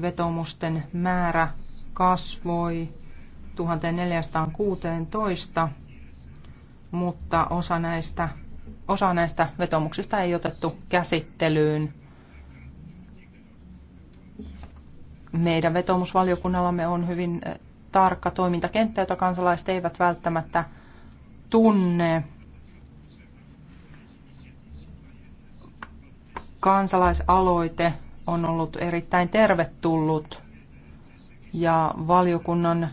vetomusten määrä kasvoi 1416, mutta osa näistä, osa näistä vetomuksista ei otettu käsittelyyn. meidän vetomusvaliokunnallamme on hyvin eh, tarkka toimintakenttä, jota kansalaiset eivät välttämättä tunne. Kansalaisaloite on ollut erittäin tervetullut ja valiokunnan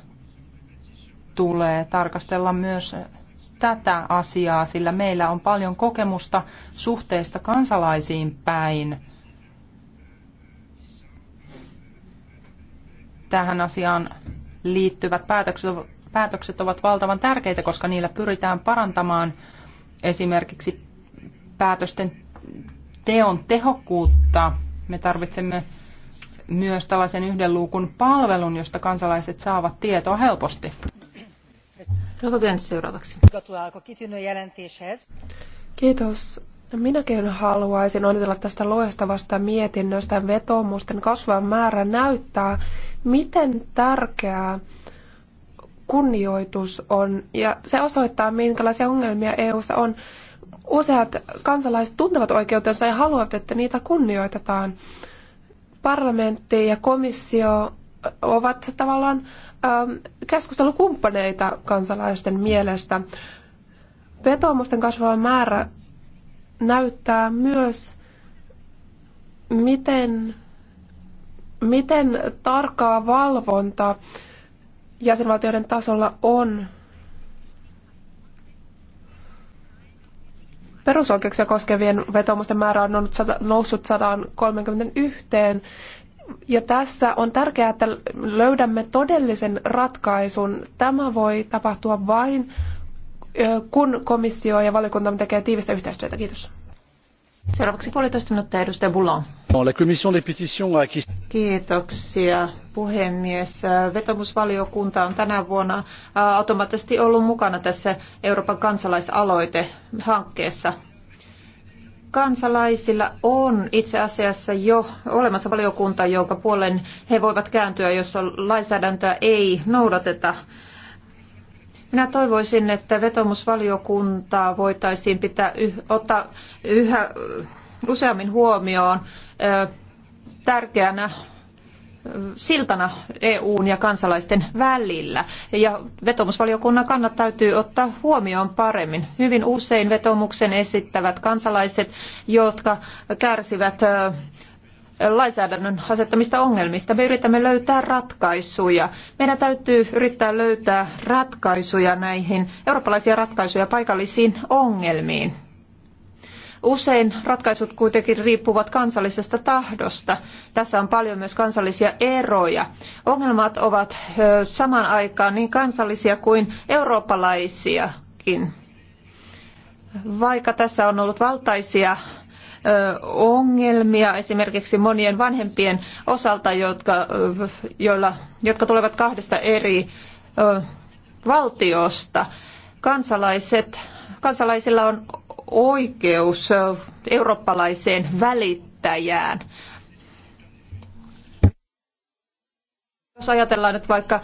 tulee tarkastella myös tätä asiaa, sillä meillä on paljon kokemusta suhteesta kansalaisiin päin. tähän asiaan liittyvät päätökset, päätökset ovat valtavan tärkeitä, koska niillä pyritään parantamaan esimerkiksi päätösten teon tehokkuutta. Me tarvitsemme myös tällaisen yhden luukun palvelun, josta kansalaiset saavat tietoa helposti. seuraavaksi. Kiitos. Minäkin haluaisin onnitella tästä loistavasta mietinnöstä. Vetomusten kasvavan määrä näyttää, miten tärkeää kunnioitus on, ja se osoittaa, minkälaisia ongelmia EU:ssa on. Useat kansalaiset tuntevat oikeutensa ja haluavat, että niitä kunnioitetaan. Parlamentti ja komissio ovat tavallaan ähm, keskustelukumppaneita kansalaisten mielestä. Vetoomusten kasvava määrä näyttää myös, miten Miten tarkkaa valvonta jäsenvaltioiden tasolla on? Perusoikeuksia koskevien vetomusten määrä on noussut 131 ja tässä on tärkeää, että löydämme todellisen ratkaisun. Tämä voi tapahtua vain, kun komissio ja valiokunta tekee tiivistä yhteistyötä. Kiitos. Seuraavaksi puolitoista minuuttia edustaja Boulon. Kiitoksia puhemies. Vetomusvaliokunta on tänä vuonna automaattisesti ollut mukana tässä Euroopan kansalaisaloitehankkeessa. Kansalaisilla on itse asiassa jo olemassa valiokunta, jonka puolen he voivat kääntyä, jos lainsäädäntöä ei noudateta minä toivoisin, että vetomusvaliokuntaa voitaisiin pitää ottaa yhä useammin huomioon tärkeänä siltana EUn ja kansalaisten välillä. Ja vetomusvaliokunnan kannat täytyy ottaa huomioon paremmin. Hyvin usein vetomuksen esittävät kansalaiset, jotka kärsivät lainsäädännön asettamista ongelmista. Me yritämme löytää ratkaisuja. Meidän täytyy yrittää löytää ratkaisuja näihin, eurooppalaisia ratkaisuja paikallisiin ongelmiin. Usein ratkaisut kuitenkin riippuvat kansallisesta tahdosta. Tässä on paljon myös kansallisia eroja. Ongelmat ovat saman aikaan niin kansallisia kuin eurooppalaisiakin. Vaikka tässä on ollut valtaisia ongelmia esimerkiksi monien vanhempien osalta, jotka, joilla, jotka tulevat kahdesta eri valtiosta. Kansalaiset, kansalaisilla on oikeus eurooppalaiseen välittäjään. Jos ajatellaan nyt vaikka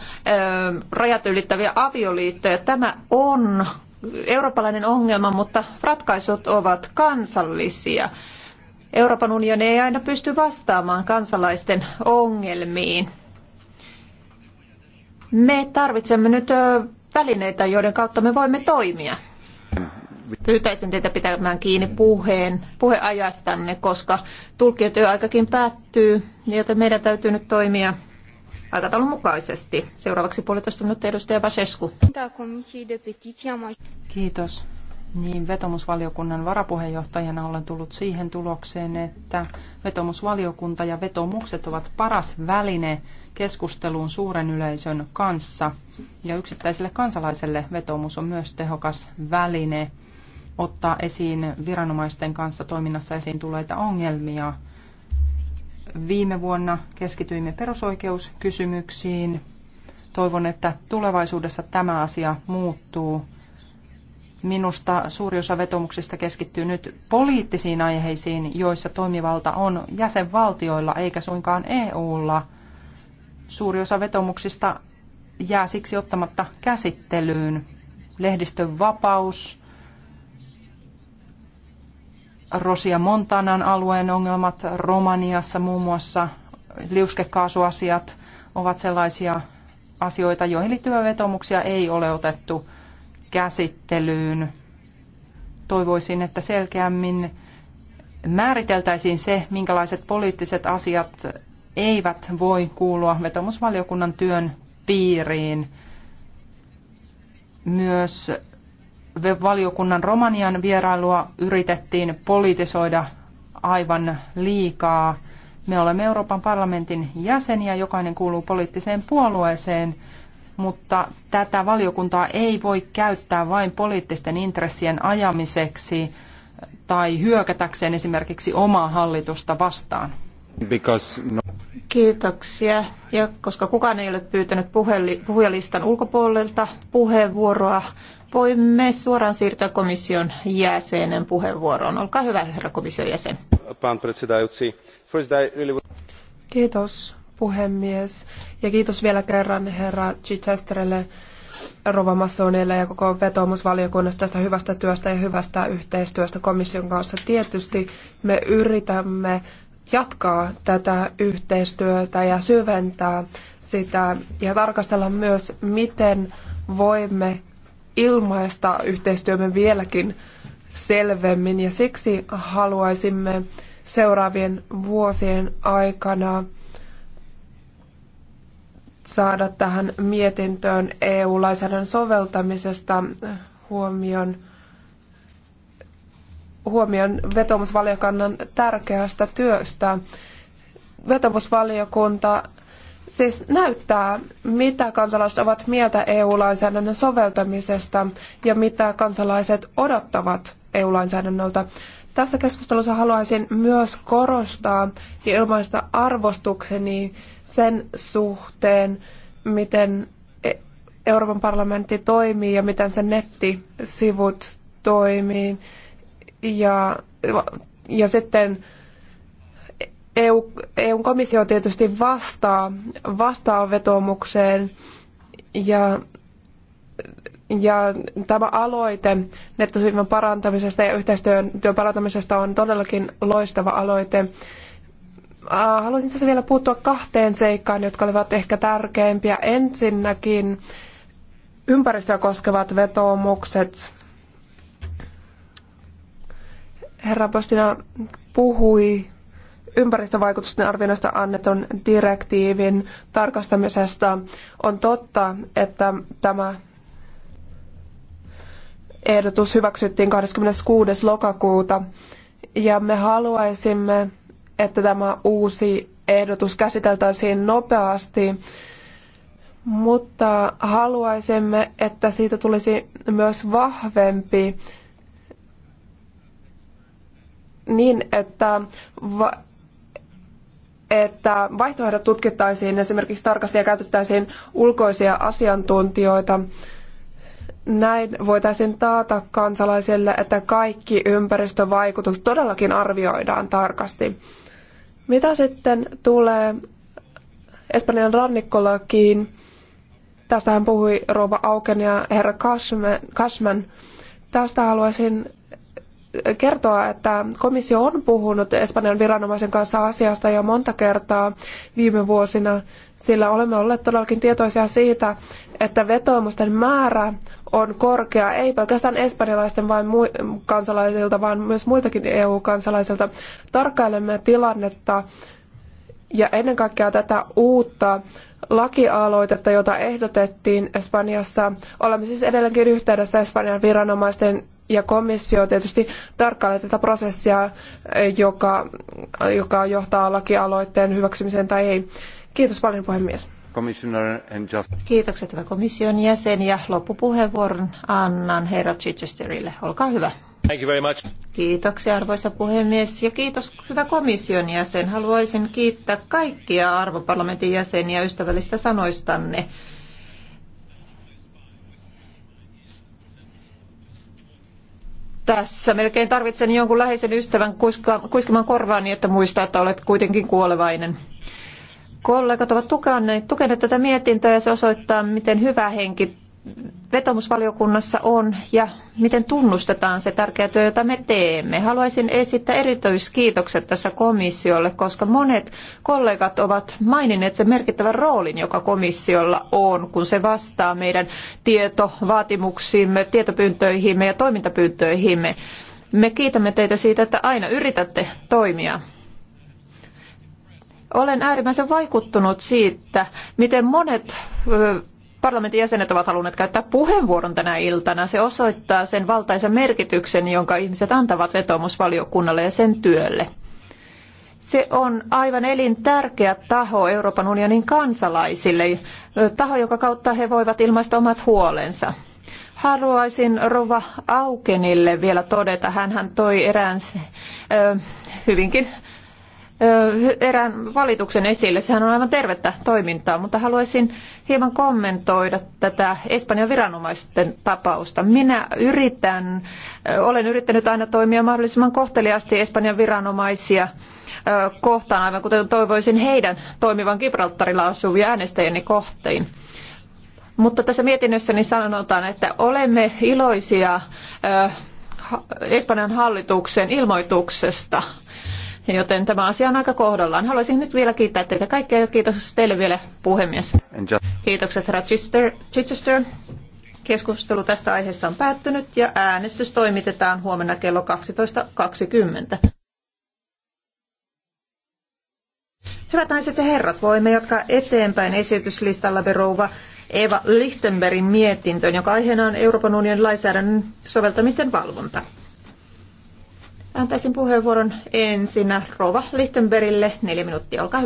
rajat ylittäviä avioliittoja, tämä on eurooppalainen ongelma, mutta ratkaisut ovat kansallisia. Euroopan unioni ei aina pysty vastaamaan kansalaisten ongelmiin. Me tarvitsemme nyt välineitä, joiden kautta me voimme toimia. Pyytäisin teitä pitämään kiinni puheen, puheajastanne, koska tulkijotyöaikakin päättyy, joten meidän täytyy nyt toimia aikataulun mukaisesti. Seuraavaksi puolitoista minuuttia edustaja Vasescu. Kiitos. Niin, vetomusvaliokunnan varapuheenjohtajana olen tullut siihen tulokseen, että vetomusvaliokunta ja vetomukset ovat paras väline keskusteluun suuren yleisön kanssa. Ja yksittäiselle kansalaiselle vetomus on myös tehokas väline ottaa esiin viranomaisten kanssa toiminnassa esiin tulleita ongelmia – Viime vuonna keskityimme perusoikeuskysymyksiin. Toivon, että tulevaisuudessa tämä asia muuttuu. Minusta suuri osa vetomuksista keskittyy nyt poliittisiin aiheisiin, joissa toimivalta on jäsenvaltioilla eikä suinkaan EUlla. Suuri osa vetomuksista jää siksi ottamatta käsittelyyn. Lehdistön vapaus, Rosia Montanan alueen ongelmat Romaniassa muun muassa, liuskekaasuasiat ovat sellaisia asioita, joihin liittyviä vetomuksia ei ole otettu käsittelyyn. Toivoisin, että selkeämmin määriteltäisiin se, minkälaiset poliittiset asiat eivät voi kuulua vetomusvaliokunnan työn piiriin. Myös valiokunnan Romanian vierailua yritettiin politisoida aivan liikaa. Me olemme Euroopan parlamentin jäseniä, jokainen kuuluu poliittiseen puolueeseen, mutta tätä valiokuntaa ei voi käyttää vain poliittisten intressien ajamiseksi tai hyökätäkseen esimerkiksi omaa hallitusta vastaan. No... Kiitoksia. Ja koska kukaan ei ole pyytänyt puhujalistan ulkopuolelta puheenvuoroa, voimme suoraan siirtyä komission jäsenen puheenvuoroon. Olkaa hyvä, herra komission jäsen. Kiitos puhemies ja kiitos vielä kerran herra Chichesterelle, Rova Massonille ja koko vetoomusvaliokunnasta tästä hyvästä työstä ja hyvästä yhteistyöstä komission kanssa. Tietysti me yritämme jatkaa tätä yhteistyötä ja syventää sitä ja tarkastella myös, miten voimme ilmaista yhteistyömme vieläkin selvemmin ja siksi haluaisimme seuraavien vuosien aikana saada tähän mietintöön EU-lainsäädännön soveltamisesta huomion, huomion vetomusvaliokunnan tärkeästä työstä. Vetomusvaliokunta siis näyttää, mitä kansalaiset ovat mieltä EU-lainsäädännön soveltamisesta ja mitä kansalaiset odottavat EU-lainsäädännöltä. Tässä keskustelussa haluaisin myös korostaa ja ilmaista arvostukseni sen suhteen, miten e- Euroopan parlamentti toimii ja miten sen nettisivut toimii. Ja, ja sitten EU, EUn komissio tietysti vastaa, vastaa vetoomukseen ja, ja tämä aloite nettohyvän parantamisesta ja yhteistyön työn parantamisesta on todellakin loistava aloite. Haluaisin tässä vielä puuttua kahteen seikkaan, jotka olivat ehkä tärkeimpiä. Ensinnäkin ympäristöä koskevat vetoomukset. Herra Postina puhui ympäristövaikutusten arvioinnista annetun direktiivin tarkastamisesta. On totta, että tämä ehdotus hyväksyttiin 26. lokakuuta ja me haluaisimme, että tämä uusi ehdotus käsiteltäisiin nopeasti, mutta haluaisimme, että siitä tulisi myös vahvempi niin, että että vaihtoehdot tutkittaisiin esimerkiksi tarkasti ja käytettäisiin ulkoisia asiantuntijoita. Näin voitaisiin taata kansalaisille, että kaikki ympäristövaikutukset todellakin arvioidaan tarkasti. Mitä sitten tulee Espanjan rannikkolakiin? Tästähän puhui Rouva Auken ja herra Cashman. Tästä haluaisin kertoa, että komissio on puhunut Espanjan viranomaisen kanssa asiasta jo monta kertaa viime vuosina, sillä olemme olleet todellakin tietoisia siitä, että vetoomusten määrä on korkea, ei pelkästään espanjalaisten vain mu- kansalaisilta, vaan myös muiltakin EU-kansalaisilta. Tarkkailemme tilannetta ja ennen kaikkea tätä uutta lakialoitetta, jota ehdotettiin Espanjassa. Olemme siis edelleenkin yhteydessä Espanjan viranomaisten ja komissio tietysti tarkkailee tätä prosessia, joka, joka johtaa lakialoitteen hyväksymiseen tai ei. Kiitos paljon puhemies. Kiitokset hyvä komission jäsen ja loppupuheenvuoron annan herra Chichesterille. Olkaa hyvä. Thank you very much. Kiitoksia arvoisa puhemies ja kiitos hyvä komission jäsen. Haluaisin kiittää kaikkia arvoparlamentin jäseniä ystävällistä sanoistanne. tässä melkein tarvitsen jonkun läheisen ystävän kuiska, kuiskimaan korvaani, niin, että muistaa, että olet kuitenkin kuolevainen. Kollegat ovat tukeneet, tukeneet tätä mietintöä ja se osoittaa, miten hyvä henki vetomusvaliokunnassa on ja miten tunnustetaan se tärkeä työ, jota me teemme. Haluaisin esittää erityiskiitokset tässä komissiolle, koska monet kollegat ovat maininneet sen merkittävän roolin, joka komissiolla on, kun se vastaa meidän tietovaatimuksiimme, tietopyyntöihimme ja toimintapyyntöihimme. Me kiitämme teitä siitä, että aina yritätte toimia olen äärimmäisen vaikuttunut siitä, miten monet parlamentin jäsenet ovat halunneet käyttää puheenvuoron tänä iltana. Se osoittaa sen valtaisen merkityksen, jonka ihmiset antavat vetoomusvaliokunnalle ja sen työlle. Se on aivan elintärkeä taho Euroopan unionin kansalaisille, taho, joka kautta he voivat ilmaista omat huolensa. Haluaisin Rova Aukenille vielä todeta, hän toi erään hyvinkin erään valituksen esille. Sehän on aivan tervettä toimintaa, mutta haluaisin hieman kommentoida tätä Espanjan viranomaisten tapausta. Minä yritän, olen yrittänyt aina toimia mahdollisimman kohteliaasti Espanjan viranomaisia kohtaan, aivan kuten toivoisin heidän toimivan Gibraltarilla asuvia äänestäjieni kohtiin. Mutta tässä mietinnössäni sanotaan, että olemme iloisia Espanjan hallituksen ilmoituksesta joten tämä asia on aika kohdallaan. Haluaisin nyt vielä kiittää teitä kaikkia ja kiitos teille vielä puhemies. Kiitokset herra Chichester. Chichester. Keskustelu tästä aiheesta on päättynyt ja äänestys toimitetaan huomenna kello 12.20. Hyvät naiset ja herrat, voimme jatkaa eteenpäin esityslistalla verouva Eva Lichtenbergin mietintöön, joka aiheena on Euroopan unionin lainsäädännön soveltamisen valvonta. Antaisin puheenvuoron ensinnä Rova Lichtenbergille. Neljä minuuttia, olkaa hyvä.